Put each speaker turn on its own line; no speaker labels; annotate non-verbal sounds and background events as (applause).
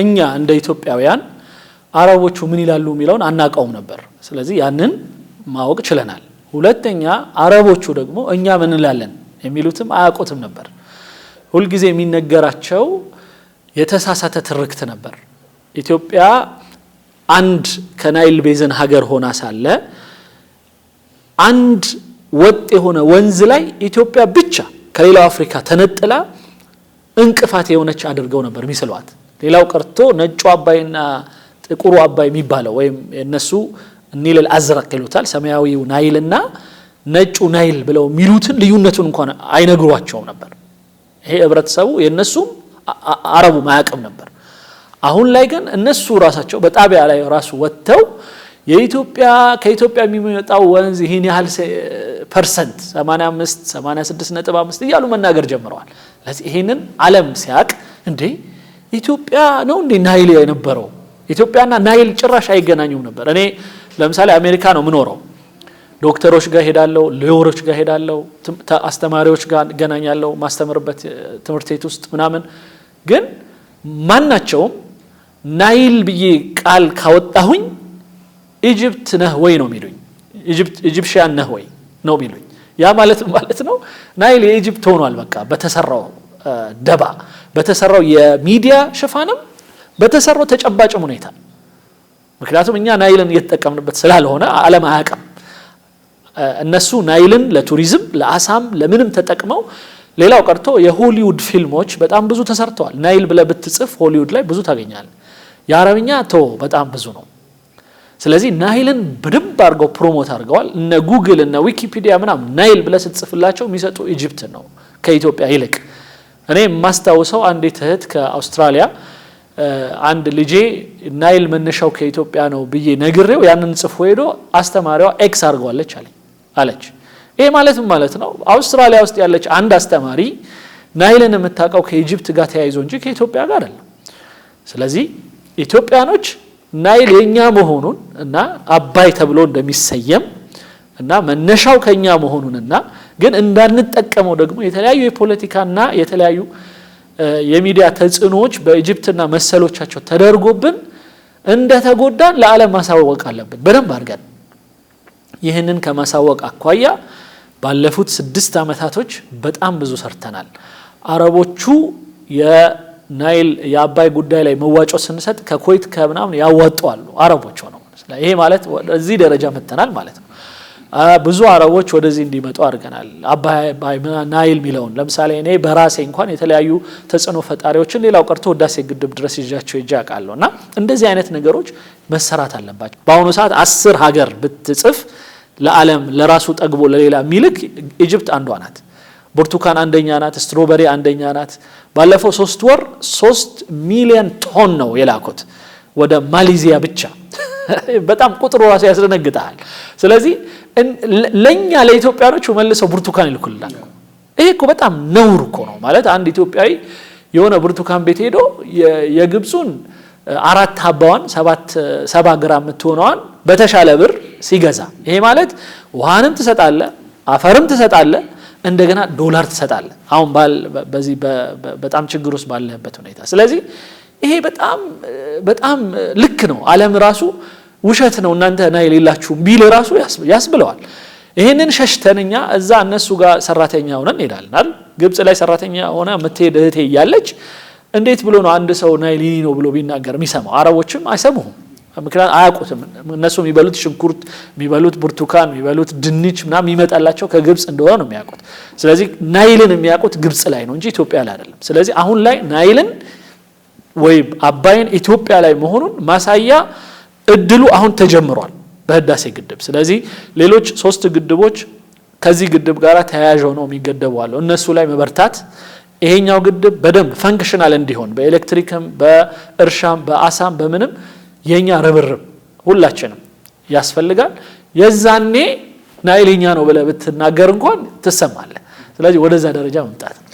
እኛ እንደ ኢትዮጵያውያን አረቦቹ ምን ይላሉ የሚለውን አናውቀውም ነበር። ስለዚህ ያንን ማወቅ ችለናል። ሁለተኛ አረቦቹ ደግሞ እኛ ምን እንላለን የሚሉትም አያውቁትም ነበር። ሁልጊዜ የሚነገራቸው የተሳሳተ ትርክት ነበር። ኢትዮጵያ አንድ ከናይል ቤዝን ሀገር ሆና ሳለ አንድ ወጥ የሆነ ወንዝ ላይ ኢትዮጵያ ብቻ ከሌላው አፍሪካ ተነጥላ እንቅፋት የሆነች አድርገው ነበር የሚስሏት። ሌላው ቀርቶ ነጩ አባይና ጥቁሩ አባይ የሚባለው ወይም እነሱ ኒልል አዝረቅ ይሉታል። ሰማያዊው ናይልና ነጩ ናይል ብለው የሚሉትን ልዩነቱን እንኳን አይነግሯቸውም ነበር። ይሄ ህብረተሰቡ የእነሱም አረቡ ማያቅም ነበር። አሁን ላይ ግን እነሱ ራሳቸው በጣቢያ ላይ ራሱ ወጥተው የኢትዮጵያ ከኢትዮጵያ የሚመጣው ወንዝ ይህን ያህል ፐርሰንት 85 86 ነጥብ 5 እያሉ መናገር ጀምረዋል። ለዚህ ይህንን አለም ሲያቅ እንዴ ኢትዮጵያ ነው እንዴ ናይል የነበረው? ኢትዮጵያና ናይል ጭራሽ አይገናኙም ነበር። እኔ ለምሳሌ አሜሪካ ነው የምኖረው። ዶክተሮች ጋር ሄዳለሁ፣ ሎየሮች ጋር ሄዳለው አስተማሪዎች ጋር እገናኛለሁ ማስተምርበት ትምህርት ቤት ውስጥ ምናምን። ግን ማናቸውም ናይል ብዬ ቃል ካወጣሁኝ ኢጅፕት ነህ ወይ ነው የሚሉኝ። ኢጅፕሽያን ነህ ወይ ነው የሚሉኝ። ያ ማለት ማለት ነው ናይል የኢጅፕት ሆኗል በቃ በተሰራው ደባ በተሰራው የሚዲያ ሽፋንም በተሰራው ተጨባጭም ሁኔታ ምክንያቱም እኛ ናይልን እየተጠቀምንበት ስላልሆነ አለም አያቀም እነሱ ናይልን ለቱሪዝም ለአሳም ለምንም ተጠቅመው ሌላው ቀርቶ የሆሊውድ ፊልሞች በጣም ብዙ ተሰርተዋል። ናይል ብለ ብትጽፍ ሆሊውድ ላይ ብዙ ታገኛል የአረብኛ ቶ በጣም ብዙ ነው። ስለዚህ ናይልን በደንብ አድርገው ፕሮሞት አድርገዋል። እነ ጉግል እነ ዊኪፒዲያ ምናም ናይል ብለ ስትጽፍላቸው የሚሰጡ ኢጅፕት ነው ከኢትዮጵያ ይልቅ እኔ የማስታውሰው አንዲት እህት ከአውስትራሊያ አንድ ልጄ ናይል መነሻው ከኢትዮጵያ ነው ብዬ ነግሬው ያንን ጽፎ ሄዶ አስተማሪዋ ኤክስ አድርጓለች አለች። ይሄ ማለትም ማለት ነው አውስትራሊያ ውስጥ ያለች አንድ አስተማሪ ናይልን የምታውቀው ከኢጅፕት ጋር ተያይዞ እንጂ ከኢትዮጵያ ጋር አይደለም። ስለዚህ ኢትዮጵያኖች ናይል የኛ መሆኑን እና አባይ ተብሎ እንደሚሰየም እና መነሻው ከኛ መሆኑንና ግን እንዳንጠቀመው ደግሞ የተለያዩ የፖለቲካና የተለያዩ የሚዲያ ተጽዕኖዎች በኢጅፕትና መሰሎቻቸው ተደርጎብን እንደተጎዳን ለዓለም ማሳወቅ አለብን በደንብ አድርገን። ይህንን ከማሳወቅ አኳያ ባለፉት ስድስት ዓመታቶች በጣም ብዙ ሰርተናል። አረቦቹ የናይል የአባይ ጉዳይ ላይ መዋጮ ስንሰጥ ከኮይት ከምናምን ያዋጠዋሉ አረቦች ሆነው ይሄ ማለት እዚህ ደረጃ መተናል ማለት ነው። ብዙ አረቦች ወደዚህ እንዲመጡ አድርገናል። ናይል ሚለውን ለምሳሌ እኔ በራሴ እንኳን የተለያዩ ተጽዕኖ ፈጣሪዎችን ሌላው ቀርቶ ወዳሴ ግድብ ድረስ ይዣቸው ይዤ እና እንደዚህ አይነት ነገሮች መሰራት አለባቸው። በአሁኑ ሰዓት አስር ሀገር ብትጽፍ ለዓለም ለራሱ ጠግቦ ለሌላ ሚልክ ኢጅፕት አንዷ ናት። ብርቱካን አንደኛ ናት። ስትሮበሪ አንደኛ ናት። ባለፈው ሶስት ወር ሶስት ሚሊዮን ቶን ነው የላኩት ወደ ማሌዚያ ብቻ። (laughs) በጣም ቁጥሩ ራሱ ያስደነግጠሃል ስለዚህ ለእኛ ለኢትዮጵያኖች መልሰው ብርቱካን ይልኩልናል። ይሄ እኮ በጣም ነውር እኮ ነው። ማለት አንድ ኢትዮጵያዊ የሆነ ብርቱካን ቤት ሄዶ የግብፁን አራት ሀባዋን ሰባ ግራ የምትሆነዋን በተሻለ ብር ሲገዛ ይሄ ማለት ውሃንም ትሰጣለ፣ አፈርም ትሰጣለ፣ እንደገና ዶላር ትሰጣለ። አሁን በዚህ በጣም ችግር ውስጥ ባለበት ሁኔታ ስለዚህ ይሄ በጣም በጣም ልክ ነው። አለም ራሱ ውሸት ነው እናንተ እና የሌላችሁ ቢል ራሱ ያስብለዋል። ይህንን ሸሽተንኛ እዛ እነሱ ጋር ሰራተኛ ሆነን እንሄዳልናል። ግብፅ ላይ ሰራተኛ ሆነ ምትሄድ እህቴ እያለች እንዴት ብሎ ነው አንድ ሰው ናይል የኔ ነው ብሎ ቢናገር የሚሰማው? አረቦችም አይሰሙሁም፣ ምክንያቱም አያውቁትም። እነሱ የሚበሉት ሽንኩርት፣ የሚበሉት ብርቱካን፣ የሚበሉት ድንች ምናም የሚመጣላቸው ከግብፅ እንደሆነ ነው የሚያውቁት። ስለዚህ ናይልን የሚያውቁት ግብፅ ላይ ነው እንጂ ኢትዮጵያ ላይ አይደለም። ስለዚህ አሁን ላይ ናይልን ወይም አባይን ኢትዮጵያ ላይ መሆኑን ማሳያ እድሉ አሁን ተጀምሯል በህዳሴ ግድብ። ስለዚህ ሌሎች ሶስት ግድቦች ከዚህ ግድብ ጋር ተያያዥ ሆነው የሚገደቡ አለው። እነሱ ላይ መበርታት ይሄኛው ግድብ በደንብ ፈንክሽናል እንዲሆን በኤሌክትሪክም፣ በእርሻም፣ በአሳም በምንም የኛ ርብርብ ሁላችንም ያስፈልጋል። የዛኔ ናይል ነው ብለ ብትናገር እንኳን ትሰማለ ስለዚህ ወደዛ ደረጃ መምጣት ነው።